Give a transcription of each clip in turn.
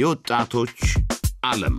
የወጣቶች ዓለም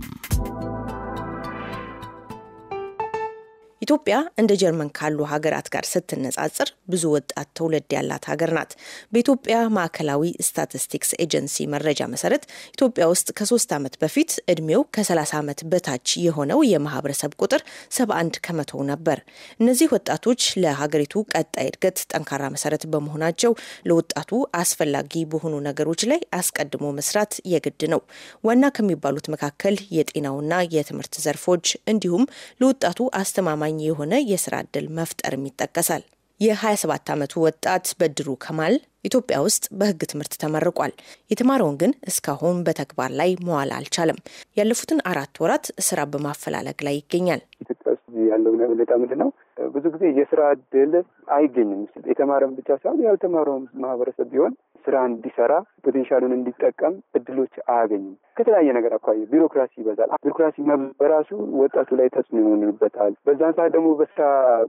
ኢትዮጵያ እንደ ጀርመን ካሉ ሀገራት ጋር ስትነጻጽር ብዙ ወጣት ትውልድ ያላት ሀገር ናት። በኢትዮጵያ ማዕከላዊ ስታቲስቲክስ ኤጀንሲ መረጃ መሰረት ኢትዮጵያ ውስጥ ከሶስት ዓመት በፊት እድሜው ከ30 ዓመት በታች የሆነው የማህበረሰብ ቁጥር 71 ከመቶ ነበር። እነዚህ ወጣቶች ለሀገሪቱ ቀጣይ እድገት ጠንካራ መሰረት በመሆናቸው ለወጣቱ አስፈላጊ በሆኑ ነገሮች ላይ አስቀድሞ መስራት የግድ ነው። ዋና ከሚባሉት መካከል የጤናውና የትምህርት ዘርፎች እንዲሁም ለወጣቱ አስተማማኝ የሆነ የስራ እድል መፍጠርም ይጠቀሳል። የ27 ዓመቱ ወጣት በድሩ ከማል ኢትዮጵያ ውስጥ በህግ ትምህርት ተመርቋል። የተማረውን ግን እስካሁን በተግባር ላይ መዋል አልቻለም። ያለፉትን አራት ወራት ስራ በማፈላለግ ላይ ይገኛል። ኢትዮጵያ ውስጥ ያለው ሁኔታ ምንድን ነው? ብዙ ጊዜ የስራ እድል አይገኝም። የተማረም ብቻ ሳይሆን ያልተማረውም ማህበረሰብ ቢሆን ስራ እንዲሰራ ፖቴንሻሉን እንዲጠቀም እድሎች አያገኝም። ከተለያየ ነገር አኳየ ቢሮክራሲ ይበዛል። ቢሮክራሲ በራሱ ወጣቱ ላይ ተጽዕኖ ይሆንበታል። በዛን ሰዓት ደግሞ በስራ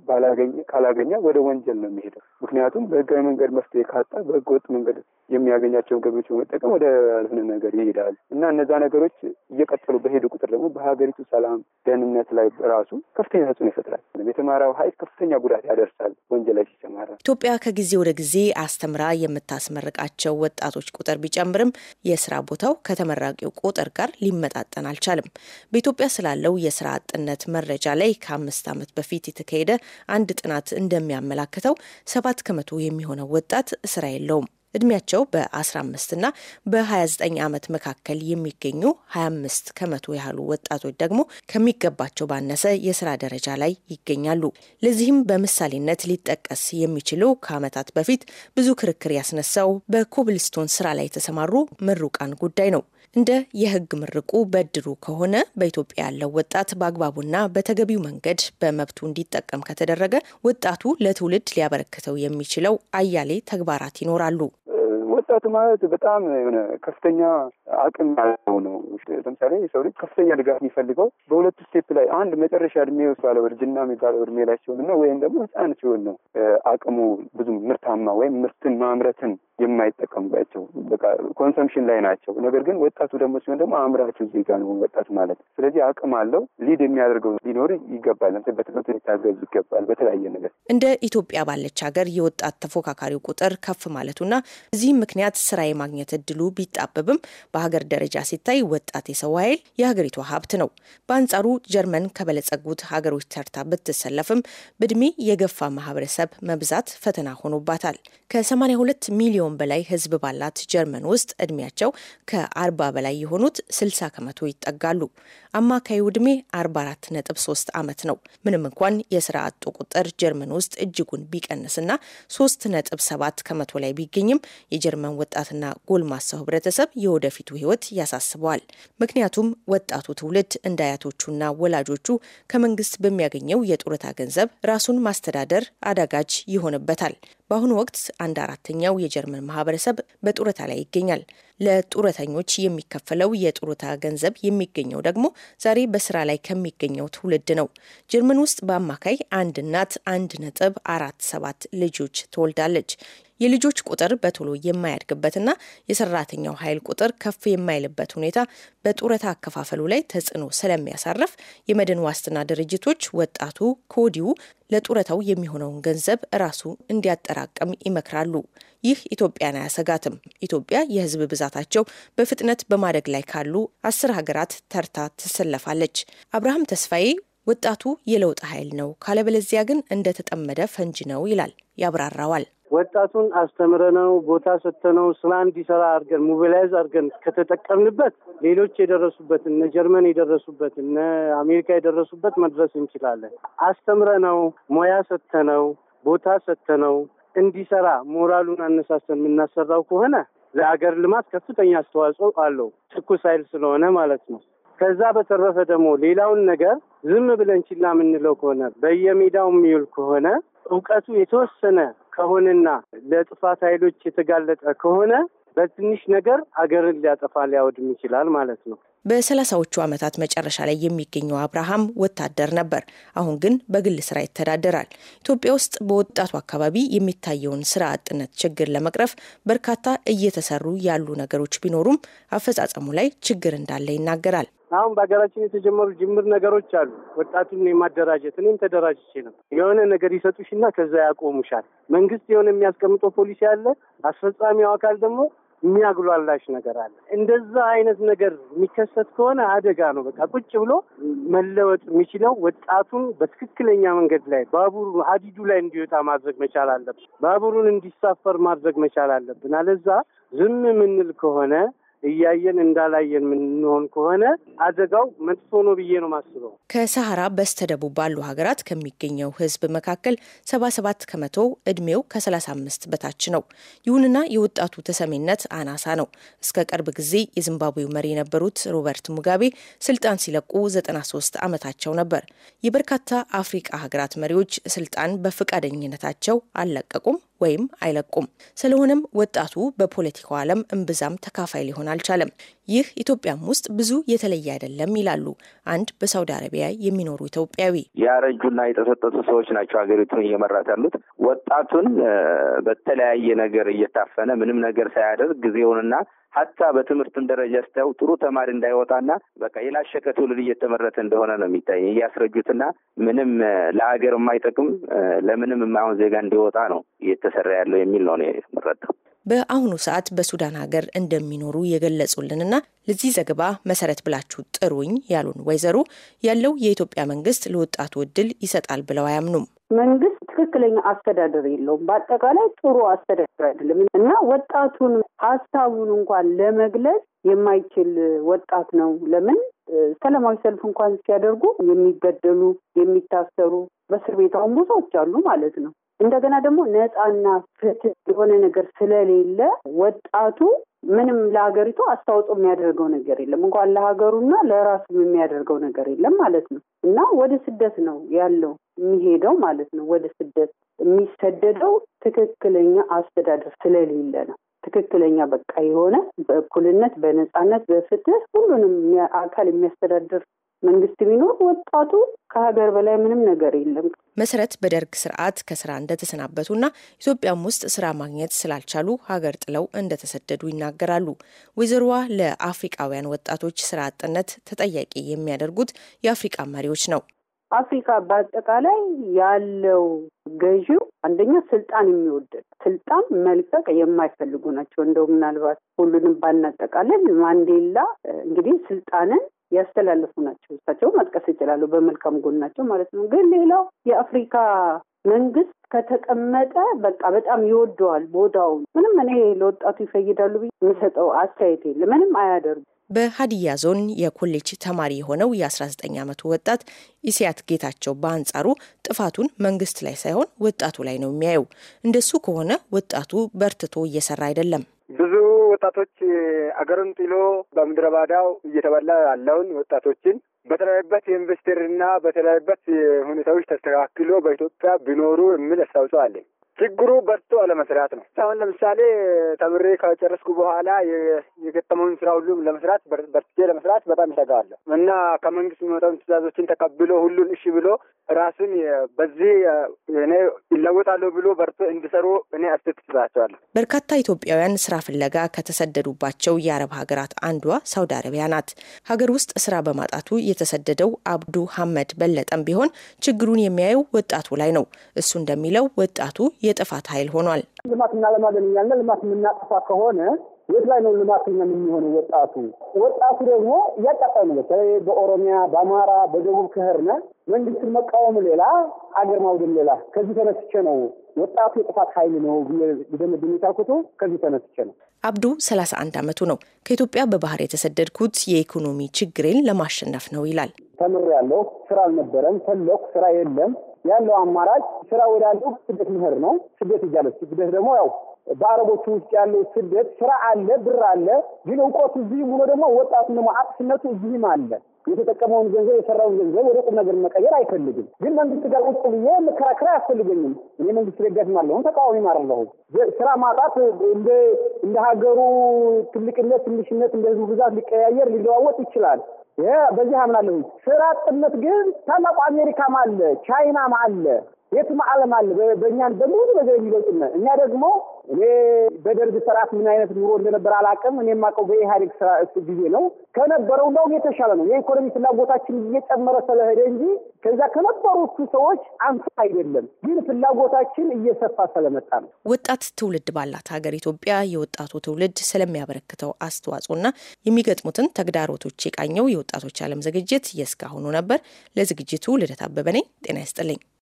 ባላገኘ ካላገኘ ወደ ወንጀል ነው የሚሄደው። ምክንያቱም በህጋዊ መንገድ መፍትሄ ካጣ በህገ ወጥ መንገድ የሚያገኛቸውን ገቢዎች በመጠቀም ወደ ያልሆነ ነገር ይሄዳል እና እነዛ ነገሮች እየቀጠሉ በሄዱ ቁጥር ደግሞ በሀገሪቱ ሰላም፣ ደህንነት ላይ ራሱ ከፍተኛ ተጽዕኖ ይፈጥራል። የተማራው ሀይል ከፍተኛ ጉዳት ያደርሳል ወንጀል ላይ ሲሰማራ። ኢትዮጵያ ከጊዜ ወደ ጊዜ አስተምራ የምታስመርቃቸው ወጣቶች ቁጥር ቢጨምርም የስራ ቦታው ከተመራቂው ቁጥር ጋር ሊመጣጠን አልቻለም። በኢትዮጵያ ስላለው የስራ አጥነት መረጃ ላይ ከአምስት ዓመት በፊት የተካሄደ አንድ ጥናት እንደሚያመላክተው ሰባት ከመቶ የሚሆነው ወጣት ስራ የለውም። እድሜያቸው በ15 እና በ29 ዓመት መካከል የሚገኙ 25 ከመቶ ያህሉ ወጣቶች ደግሞ ከሚገባቸው ባነሰ የስራ ደረጃ ላይ ይገኛሉ። ለዚህም በምሳሌነት ሊጠቀስ የሚችለው ከዓመታት በፊት ብዙ ክርክር ያስነሳው በኮብልስቶን ስራ ላይ የተሰማሩ ምሩቃን ጉዳይ ነው። እንደ የህግ ምርቁ በድሩ ከሆነ በኢትዮጵያ ያለው ወጣት በአግባቡና በተገቢው መንገድ በመብቱ እንዲጠቀም ከተደረገ ወጣቱ ለትውልድ ሊያበረክተው የሚችለው አያሌ ተግባራት ይኖራሉ። ወጣቱ ማለት በጣም የሆነ ከፍተኛ አቅም ያለው ነው። ለምሳሌ የሰው ልጅ ከፍተኛ ድጋፍ የሚፈልገው በሁለቱ ስቴፕ ላይ አንድ መጨረሻ እድሜ ባለው እርጅና የሚባለው እድሜ ላይ ሲሆን ነው ወይም ደግሞ ህፃን ሲሆን ነው አቅሙ ብዙ ምርታማ ወይም ምርትን ማምረትን የማይጠቀሙባቸው በቃ ኮንሰምሽን ላይ ናቸው። ነገር ግን ወጣቱ ደግሞ ሲሆን ደግሞ አምራቹ ዜጋ ነው ወጣት ማለት። ስለዚህ አቅም አለው ሊድ የሚያደርገው ሊኖር ይገባል። ለምሳሌ በትምህርት ሊታገዝ ይገባል። በተለያየ ነገር እንደ ኢትዮጵያ ባለች ሀገር የወጣት ተፎካካሪው ቁጥር ከፍ ማለቱና እዚህም ምክንያት ስራ የማግኘት እድሉ ቢጣበብም በሀገር ደረጃ ሲታይ ወጣት የሰው ኃይል የሀገሪቷ ሀብት ነው። በአንጻሩ ጀርመን ከበለጸጉት ሀገሮች ተርታ ብትሰለፍም በእድሜ የገፋ ማህበረሰብ መብዛት ፈተና ሆኖባታል። ከ82 ሚሊዮን በላይ ህዝብ ባላት ጀርመን ውስጥ እድሜያቸው ከ40 በላይ የሆኑት 60 ከመቶ ይጠጋሉ። አማካዩ እድሜ 3 ዓመት ነው። ምንም እንኳን የስራ አጡ ቁጥር ጀርመን ውስጥ እጅጉን ቢቀንስና 7 ከመቶ ላይ ቢገኝም የጀ የጀርመን ወጣትና ጎልማሳው ህብረተሰብ የወደፊቱ ህይወት ያሳስበዋል። ምክንያቱም ወጣቱ ትውልድ እንደ አያቶቹና ወላጆቹ ከመንግስት በሚያገኘው የጡረታ ገንዘብ ራሱን ማስተዳደር አዳጋች ይሆንበታል። በአሁኑ ወቅት አንድ አራተኛው የጀርመን ማህበረሰብ በጡረታ ላይ ይገኛል። ለጡረተኞች የሚከፈለው የጡረታ ገንዘብ የሚገኘው ደግሞ ዛሬ በስራ ላይ ከሚገኘው ትውልድ ነው። ጀርመን ውስጥ በአማካይ አንድ እናት አንድ ነጥብ አራት ሰባት ልጆች ትወልዳለች። የልጆች ቁጥር በቶሎ የማያድግበትና የሰራተኛው ኃይል ቁጥር ከፍ የማይልበት ሁኔታ በጡረታ አከፋፈሉ ላይ ተጽዕኖ ስለሚያሳርፍ የመድን ዋስትና ድርጅቶች ወጣቱ ከወዲሁ ለጡረታው የሚሆነውን ገንዘብ ራሱ እንዲያጠራቅም ይመክራሉ። ይህ ኢትዮጵያን አያሰጋትም። ኢትዮጵያ የህዝብ ብዛታቸው በፍጥነት በማደግ ላይ ካሉ አስር ሀገራት ተርታ ትሰለፋለች። አብርሃም ተስፋዬ ወጣቱ የለውጥ ኃይል ነው፣ ካለበለዚያ ግን እንደተጠመደ ፈንጅ ነው ይላል። ያብራራዋል። ወጣቱን አስተምረነው ቦታ ሰጥተነው ስራ እንዲሰራ አድርገን ሞቢላይዝ አድርገን ከተጠቀምንበት ሌሎች የደረሱበት እነ ጀርመን የደረሱበት እነ አሜሪካ የደረሱበት መድረስ እንችላለን። አስተምረነው ሙያ ሰጥተነው ቦታ ሰጥተነው እንዲሰራ ሞራሉን አነሳስተን የምናሰራው ከሆነ ለሀገር ልማት ከፍተኛ አስተዋጽኦ አለው። ትኩስ ኃይል ስለሆነ ማለት ነው። ከዛ በተረፈ ደግሞ ሌላውን ነገር ዝም ብለን ችላ የምንለው ከሆነ በየሜዳው የሚውል ከሆነ እውቀቱ የተወሰነ ከሆነና ለጥፋት ኃይሎች የተጋለጠ ከሆነ በትንሽ ነገር አገርን ሊያጠፋ ሊያወድም ይችላል ማለት ነው። በሰላሳዎቹ ዓመታት መጨረሻ ላይ የሚገኘው አብርሃም ወታደር ነበር። አሁን ግን በግል ስራ ይተዳደራል። ኢትዮጵያ ውስጥ በወጣቱ አካባቢ የሚታየውን ስራ አጥነት ችግር ለመቅረፍ በርካታ እየተሰሩ ያሉ ነገሮች ቢኖሩም አፈጻጸሙ ላይ ችግር እንዳለ ይናገራል። አሁን በሀገራችን የተጀመሩ ጅምር ነገሮች አሉ። ወጣቱን የማደራጀት እኔም ተደራጅቼ ነው። የሆነ ነገር ይሰጡሽና ከዛ ያቆሙሻል። መንግስት የሆነ የሚያስቀምጠው ፖሊሲ አለ። አስፈጻሚው አካል ደግሞ የሚያግሏላሽ ነገር አለ። እንደዛ አይነት ነገር የሚከሰት ከሆነ አደጋ ነው። በቃ ቁጭ ብሎ መለወጥ የሚችለው ወጣቱን በትክክለኛ መንገድ ላይ ባቡሩ ሀዲዱ ላይ እንዲወጣ ማድረግ መቻል አለብን። ባቡሩን እንዲሳፈር ማድረግ መቻል አለብን። አለዛ ዝም የምንል ከሆነ እያየን እንዳላየን የምንሆን ከሆነ አደጋው መጥፎ ነው ብዬ ነው ማስበው። ከሰሐራ በስተደቡብ ባሉ ሀገራት ከሚገኘው ህዝብ መካከል ሰባ ከመቶ እድሜው ከሰላሳ አምስት በታች ነው። ይሁንና የወጣቱ ተሰሚነት አናሳ ነው። እስከ ቅርብ ጊዜ የዚምባብዌው መሪ የነበሩት ሮበርት ሙጋቤ ስልጣን ሲለቁ ዘጠና ሶስት ዓመታቸው ነበር። የበርካታ አፍሪቃ ሀገራት መሪዎች ስልጣን በፈቃደኝነታቸው አልለቀቁም ወይም አይለቁም። ስለሆነም ወጣቱ በፖለቲካው ዓለም እምብዛም ተካፋይ ሊሆን አልቻለም። ይህ ኢትዮጵያም ውስጥ ብዙ የተለየ አይደለም ይላሉ አንድ በሳውዲ አረቢያ የሚኖሩ ኢትዮጵያዊ። ያረጁና የጠሰጠሱ ሰዎች ናቸው ሀገሪቱን እየመራት ያሉት። ወጣቱን በተለያየ ነገር እየታፈነ ምንም ነገር ሳያደርግ ጊዜውንና ሀታ በትምህርትም ደረጃ ስታየው ጥሩ ተማሪ እንዳይወጣና በቃ የላሸከ ትውልድ እየተመረተ እንደሆነ ነው የሚታይ። እያስረጁትና ምንም ለሀገር የማይጠቅም ለምንም የማይሆን ዜጋ እንዲወጣ ነው እየተሰራ ያለው የሚል ነው እኔ የምረዳው። በአሁኑ ሰዓት በሱዳን ሀገር እንደሚኖሩ የገለጹልንና ለዚህ ዘገባ መሰረት ብላችሁ ጥሩኝ ያሉን ወይዘሮ ያለው የኢትዮጵያ መንግስት ለወጣቱ እድል ይሰጣል ብለው አያምኑም። መንግስት ትክክለኛ አስተዳደር የለውም። በአጠቃላይ ጥሩ አስተዳደር አይደለም እና ወጣቱን ሀሳቡን እንኳን ለመግለጽ የማይችል ወጣት ነው። ለምን ሰላማዊ ሰልፍ እንኳን ሲያደርጉ የሚገደሉ የሚታሰሩ በእስር ቤት አሁን ብዙዎች አሉ ማለት ነው። እንደገና ደግሞ ነፃና ፍትህ የሆነ ነገር ስለሌለ ወጣቱ ምንም ለሀገሪቱ አስተዋጽኦ የሚያደርገው ነገር የለም። እንኳን ለሀገሩና ለራሱ የሚያደርገው ነገር የለም ማለት ነው እና ወደ ስደት ነው ያለው የሚሄደው ማለት ነው። ወደ ስደት የሚሰደደው ትክክለኛ አስተዳደር ስለሌለ ነው። ትክክለኛ በቃ የሆነ በእኩልነት፣ በነፃነት፣ በፍትህ ሁሉንም አካል የሚያስተዳድር መንግስት ቢኖር ወጣቱ ከሀገር በላይ ምንም ነገር የለም። መሰረት በደርግ ስርዓት ከስራ እንደተሰናበቱና ኢትዮጵያም ውስጥ ስራ ማግኘት ስላልቻሉ ሀገር ጥለው እንደተሰደዱ ይናገራሉ። ወይዘሮዋ ለአፍሪቃውያን ወጣቶች ስራ አጥነት ተጠያቂ የሚያደርጉት የአፍሪቃ መሪዎች ነው። አፍሪካ በአጠቃላይ ያለው ገዢው አንደኛ ስልጣን የሚወደድ ስልጣን መልቀቅ የማይፈልጉ ናቸው። እንደው ምናልባት ሁሉንም ባናጠቃለን ማንዴላ እንግዲህ ስልጣንን ያስተላለፉ ናቸው። እሳቸው መጥቀስ ይችላሉ፣ በመልካም ጎናቸው ማለት ነው። ግን ሌላው የአፍሪካ መንግስት ከተቀመጠ በቃ በጣም ይወደዋል ቦታውን። ምንም እኔ ለወጣቱ ይፈይዳሉ ብዬ የምሰጠው አስተያየት የለ፣ ምንም አያደርጉ። በሀዲያ ዞን የኮሌጅ ተማሪ የሆነው የ19 ዓመቱ ወጣት ኢስያት ጌታቸው በአንጻሩ ጥፋቱን መንግስት ላይ ሳይሆን ወጣቱ ላይ ነው የሚያየው። እንደሱ ከሆነ ወጣቱ በርትቶ እየሰራ አይደለም ብዙ ወጣቶች አገርን ጥሎ በምድረ ባዳው እየተበላ ያለውን ወጣቶችን በተለያዩበት የኢንቨስተርና በተለያዩበት ሁኔታዎች ተስተካክሎ በኢትዮጵያ ቢኖሩ የሚል አስተዋጽኦ አለኝ። ችግሩ በርቶ አለመስራት ነው። አሁን ለምሳሌ ተምሬ ከጨረስኩ በኋላ የገጠመውን ስራ ሁሉ ለመስራት በርትቼ ለመስራት በጣም ይሰጋዋለሁ እና ከመንግስት የሚወጣውን ትእዛዞችን ተቀብሎ ሁሉን እሺ ብሎ ራሱን በዚህ እኔ ይለወጣለሁ ብሎ በርቶ እንዲሰሩ እኔ አስተት በርካታ ኢትዮጵያውያን ስራ ፍለጋ ከተሰደዱባቸው የአረብ ሀገራት አንዷ ሳውዲ አረቢያ ናት። ሀገር ውስጥ ስራ በማጣቱ የተሰደደው አብዱ ሀመድ በለጠም ቢሆን ችግሩን የሚያየው ወጣቱ ላይ ነው። እሱ እንደሚለው ወጣቱ የጥፋት ኃይል ሆኗል። ልማት እናለማለን እያልን ልማት የምናጠፋ ከሆነ የት ላይ ነው ልማተኛ የሚሆነው ወጣቱ? ወጣቱ ደግሞ ነው። በተለይ በኦሮሚያ፣ በአማራ፣ በደቡብ ከህርነ መንግስትን መቃወም ሌላ፣ አገር ማውደም ሌላ። ከዚህ ተነስቼ ነው ወጣቱ የጥፋት ኃይል ነው ብደመድም የቻልኩት ከዚህ ተነስቼ ነው። አብዱ 31 ዓመቱ ነው። ከኢትዮጵያ በባህር የተሰደድኩት የኢኮኖሚ ችግሬን ለማሸነፍ ነው ይላል። ተምሬያለሁ፣ ስራ አልነበረም፣ ፈለኩ፣ ስራ የለም ያለው አማራጭ ስራ ወዳለው ስደት ምህር ነው። ስደት እያለ ስደት ደግሞ ያው በአረቦቹ ውስጥ ያለው ስደት ስራ አለ፣ ብር አለ። ግን እውቀቱ እዚህም ሆኖ ደግሞ ወጣቱ ደግሞ አጥፍነቱ እዚህም አለ። የተጠቀመውን ገንዘብ የሰራውን ገንዘብ ወደ ቁም ነገር መቀየር አይፈልግም። ግን መንግስት ጋር ቁጭ ብዬ መከራከር አያስፈልገኝም። እኔ መንግስት ደጋፊም አለሁም ተቃዋሚም አይደለሁም። ስራ ማጣት እንደ እንደ ሀገሩ ትልቅነት ትንሽነት፣ እንደ ህዝቡ ብዛት ሊቀያየር ሊለዋወጥ ይችላል። በዚህ አምናለሁ። ስራ አጥነት ግን ታላቁ አሜሪካም አለ፣ ቻይናም አለ፣ የትም ዓለም አለ። በእኛን በሙሉ ነገር የሚበልጡነ እኛ ደግሞ እኔ በደርግ ስርዓት ምን አይነት ኑሮ እንደነበር አላውቅም። እኔ የማውቀው በኢህአዴግ ስርዓት ጊዜ ነው ከነበረው እንደውም የተሻለ ነው። የኢኮኖሚ ፍላጎታችን እየጨመረ ስለሄደ እንጂ ከዛ ከነበሩቱ ሰዎች አንሱ አይደለም፣ ግን ፍላጎታችን እየሰፋ ስለመጣ ነው። ወጣት ትውልድ ባላት ሀገር ኢትዮጵያ የወጣቱ ትውልድ ስለሚያበረክተው አስተዋጽኦና የሚገጥሙትን ተግዳሮቶች የቃኘው የወጣቶች ዓለም ዝግጅት የእስካሁኑ ነበር። ለዝግጅቱ ልደት አበበ ነኝ። ጤና ይስጥልኝ።